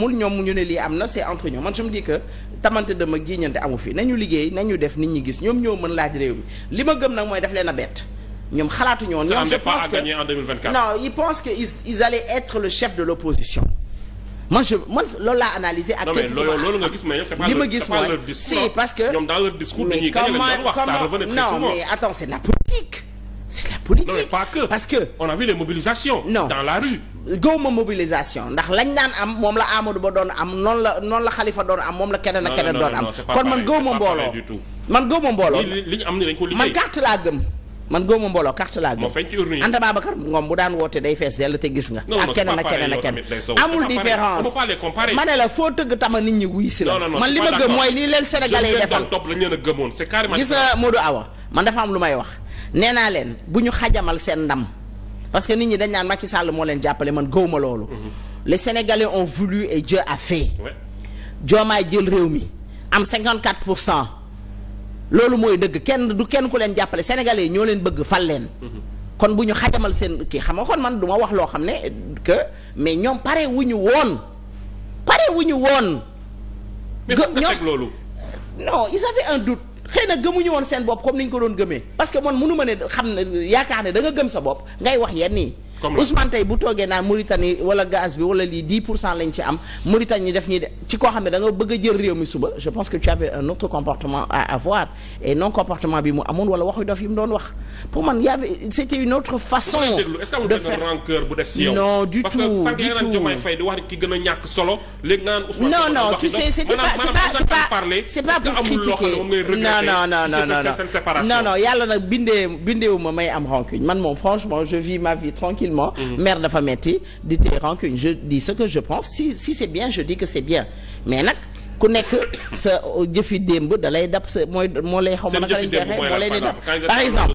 mul ñoom ñu ne lii am na c'est entre ñoom man je me dis que tamante dama jiiñante amu fi nañu liggéey nañu def nit ñi gis ñoom ñoo mën laaj réew mi li ma gëm nag mooy def leen a bett ñoom xalaatuñu woon ñoom pense que en 2024 non ils pensent que ils ils allaient être le chef de l'opposition man je man loolu laa analysé. ak képp loolu nga gis mais li ma gis mooy c'est parce que. ñoom dans leur discours dañuy non mais attends c'est politique. Non, pas que. parce que on non dans ma mobilisation ndax lañ naan am moom la Amadou Ba doon am noonu la noonu doon am moom la keneen ak keneen doon am. kon man gaw ma mbooloo man gaw ma mbooloo. li ñu am ni dañ man carte laa gëm. Anta Babacar Ngom bu daan woote day fees dell te gis nga ak keneen ak keneen ak keneen amul différence ma ne la foo tëgg tama nit ñi wuy si la man li ma gëm mooy lii leen sénégalais yi gis nga Modou Awa man dafa am lu may wax nee naa leen bu ñu xajamal seen ndam parce que nit ñi dañ naan Macky sàll moo leen jàppale man gëwuma loolu. Mm-hmm. les Sénégalais ont voulu et Dieu a fait. Diomaye jël réew mi am 54 pour cent loolu mooy dëgg kenn du kenn ku leen jàppale Sénégalais ñoo leen bëgg fal leen. Mm-hmm. kon bu ñu xajamal seen kii xam nga kon man duma wax loo xam ne que mais ñoom pare wu ñu woon pare wu ñu woon. mais fan loolu. non ils avaient un doute. na gëmuñu woon seen bopp comme ni ñu ko doon gëmee parce que man mënu ma ne xam ne yaakaar ne da gëm sa bopp ngay wax yenn yi comme Ousmane bu toogee naan Mauritanie wala gaz bi wala lii 10 pour cent lañ ci am Mauritanie def ñuy de ci koo xam ne da nga jël réew mi suba je pense que tu un autre comportement à avoir et non comportement bi mu amoon wala waxu dof yi mu doon wax pour man y avait c'était une autre façon. de faire non du tout parce que sànq a ñàkk solo léegi c'est pas c'est pas c'est pas pour critiquer non non non non yàlla nag bindee bindeewu may am rancune man moom franchement confinement maire mm-hmm. dafa metti di téye rancune je di ce que je pense si si c'est bien je di que c'est bien mais nag ku nekk sa jëfi démb da lay dab sa mooy moo lay xaw ma naka lañ jeexee moo lay di dab par exemple